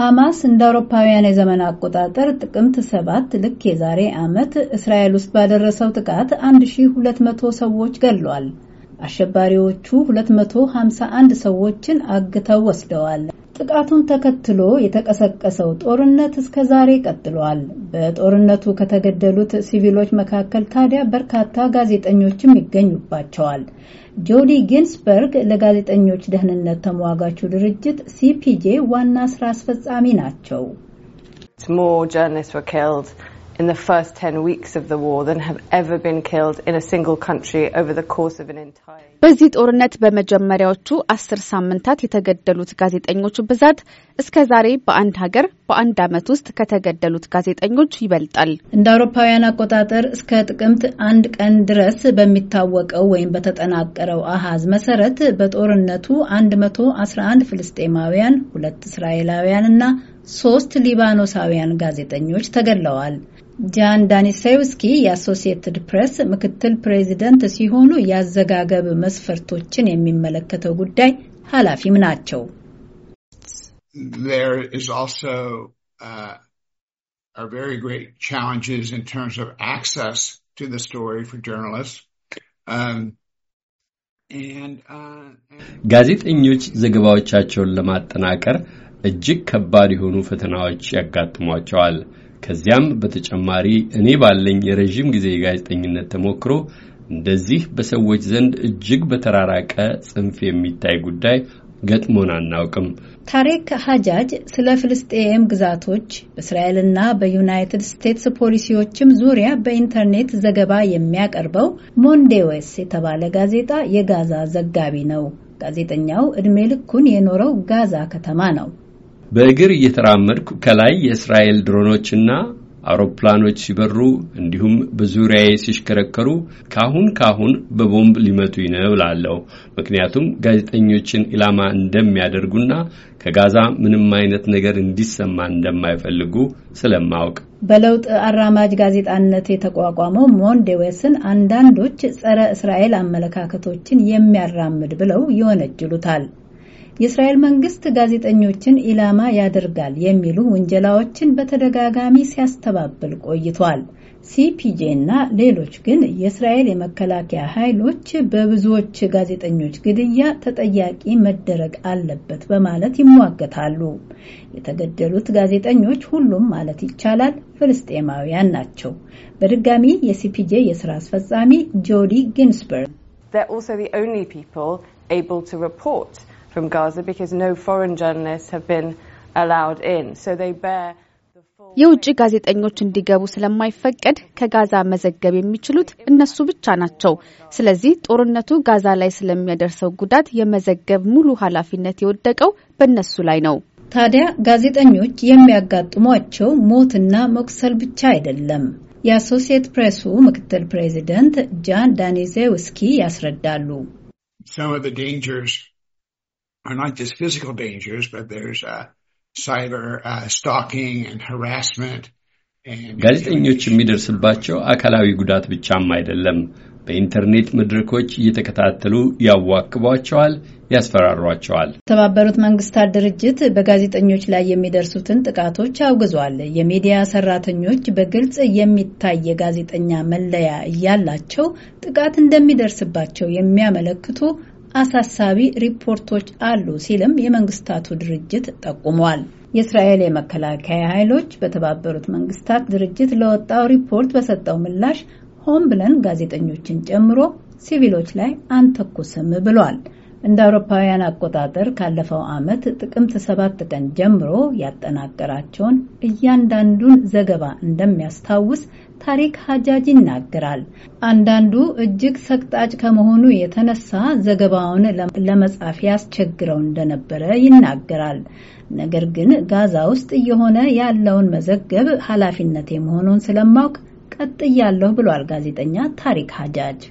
ሐማስ እንደ አውሮፓውያን የዘመን አቆጣጠር ጥቅምት ሰባት ልክ የዛሬ ዓመት እስራኤል ውስጥ ባደረሰው ጥቃት 1200 ሰዎች ገድሏል። አሸባሪዎቹ 251 ሰዎችን አግተው ወስደዋል። ጥቃቱን ተከትሎ የተቀሰቀሰው ጦርነት እስከ ዛሬ ቀጥሏል። በጦርነቱ ከተገደሉት ሲቪሎች መካከል ታዲያ በርካታ ጋዜጠኞችም ይገኙባቸዋል። ጆዲ ጊንስበርግ ለጋዜጠኞች ደህንነት ተሟጋቹ ድርጅት ሲፒጄ ዋና ስራ አስፈጻሚ ናቸው። in the first 10 weeks of the war than have ever been killed in a single country over the course of an entire በዚህ ጦርነት በመጀመሪያዎቹ አስር ሳምንታት የተገደሉት ጋዜጠኞች ብዛት እስከ ዛሬ በአንድ ሀገር በአንድ ዓመት ውስጥ ከተገደሉት ጋዜጠኞች ይበልጣል። እንደ አውሮፓውያን አቆጣጠር እስከ ጥቅምት አንድ ቀን ድረስ በሚታወቀው ወይም በተጠናቀረው አሃዝ መሰረት በጦርነቱ 111 ፍልስጤማውያን፣ ሁለት እስራኤላውያን እና ሶስት ሊባኖሳውያን ጋዜጠኞች ተገድለዋል። ጃን ዳኒሴውስኪ የአሶሲየትድ ፕሬስ ምክትል ፕሬዚደንት ሲሆኑ የአዘጋገብ መስፈርቶችን የሚመለከተው ጉዳይ ኃላፊም ናቸው። uh, um, uh, ጋዜጠኞች ዘገባዎቻቸውን ለማጠናቀር እጅግ ከባድ የሆኑ ፈተናዎች ያጋጥሟቸዋል። ከዚያም በተጨማሪ እኔ ባለኝ የረዥም ጊዜ የጋዜጠኝነት ተሞክሮ እንደዚህ በሰዎች ዘንድ እጅግ በተራራቀ ጽንፍ የሚታይ ጉዳይ ገጥሞን አናውቅም። ታሪክ ሀጃጅ ስለ ፍልስጤም ግዛቶች በእስራኤልና በዩናይትድ ስቴትስ ፖሊሲዎችም ዙሪያ በኢንተርኔት ዘገባ የሚያቀርበው ሞንዴዌስ የተባለ ጋዜጣ የጋዛ ዘጋቢ ነው። ጋዜጠኛው ዕድሜ ልኩን የኖረው ጋዛ ከተማ ነው። በእግር እየተራመድኩ ከላይ የእስራኤል ድሮኖችና አውሮፕላኖች ሲበሩ እንዲሁም በዙሪያዬ ሲሽከረከሩ ካሁን ካሁን በቦምብ ሊመቱ ይነብላለሁ ምክንያቱም ጋዜጠኞችን ኢላማ እንደሚያደርጉና ከጋዛ ምንም አይነት ነገር እንዲሰማ እንደማይፈልጉ ስለማወቅ። በለውጥ አራማጅ ጋዜጣነት የተቋቋመው ሞንዴዌስን አንዳንዶች ጸረ እስራኤል አመለካከቶችን የሚያራምድ ብለው ይወነጅሉታል። የእስራኤል መንግስት ጋዜጠኞችን ኢላማ ያደርጋል የሚሉ ውንጀላዎችን በተደጋጋሚ ሲያስተባብል ቆይቷል። ሲፒጄ እና ሌሎች ግን የእስራኤል የመከላከያ ኃይሎች በብዙዎች ጋዜጠኞች ግድያ ተጠያቂ መደረግ አለበት በማለት ይሟገታሉ። የተገደሉት ጋዜጠኞች ሁሉም ማለት ይቻላል ፍልስጤማውያን ናቸው። በድጋሚ የሲፒጄ የስራ አስፈጻሚ ጆዲ ጊንስበርግ from Gaza because no foreign journalists have been allowed in. So they bear የውጭ ጋዜጠኞች እንዲገቡ ስለማይፈቀድ ከጋዛ መዘገብ የሚችሉት እነሱ ብቻ ናቸው። ስለዚህ ጦርነቱ ጋዛ ላይ ስለሚያደርሰው ጉዳት የመዘገብ ሙሉ ኃላፊነት የወደቀው በእነሱ ላይ ነው። ታዲያ ጋዜጠኞች የሚያጋጥሟቸው ሞትና መቁሰል ብቻ አይደለም። የአሶሲየት ፕሬሱ ምክትል ፕሬዚደንት ጃን ዳኒዜውስኪ ያስረዳሉ። are not just physical dangers, but there's uh, cyber uh, stalking and harassment. ጋዜጠኞች የሚደርስባቸው አካላዊ ጉዳት ብቻም አይደለም። በኢንተርኔት መድረኮች እየተከታተሉ ያዋክቧቸዋል፣ ያስፈራሯቸዋል። የተባበሩት መንግስታት ድርጅት በጋዜጠኞች ላይ የሚደርሱትን ጥቃቶች አውግዟል። የሚዲያ ሰራተኞች በግልጽ የሚታይ የጋዜጠኛ መለያ እያላቸው ጥቃት እንደሚደርስባቸው የሚያመለክቱ አሳሳቢ ሪፖርቶች አሉ ሲልም የመንግስታቱ ድርጅት ጠቁሟል። የእስራኤል የመከላከያ ኃይሎች በተባበሩት መንግስታት ድርጅት ለወጣው ሪፖርት በሰጠው ምላሽ ሆን ብለን ጋዜጠኞችን ጨምሮ ሲቪሎች ላይ አንተኩስም ብሏል። እንደ አውሮፓውያን አቆጣጠር ካለፈው ዓመት ጥቅምት ሰባት ቀን ጀምሮ ያጠናቀራቸውን እያንዳንዱን ዘገባ እንደሚያስታውስ ታሪክ ሀጃጅ ይናገራል። አንዳንዱ እጅግ ሰቅጣጭ ከመሆኑ የተነሳ ዘገባውን ለመጻፍ ያስቸግረው እንደነበረ ይናገራል። ነገር ግን ጋዛ ውስጥ እየሆነ ያለውን መዘገብ ኃላፊነቴ መሆኑን ስለማውቅ ቀጥያለሁ ብሏል ጋዜጠኛ ታሪክ ሀጃጅ።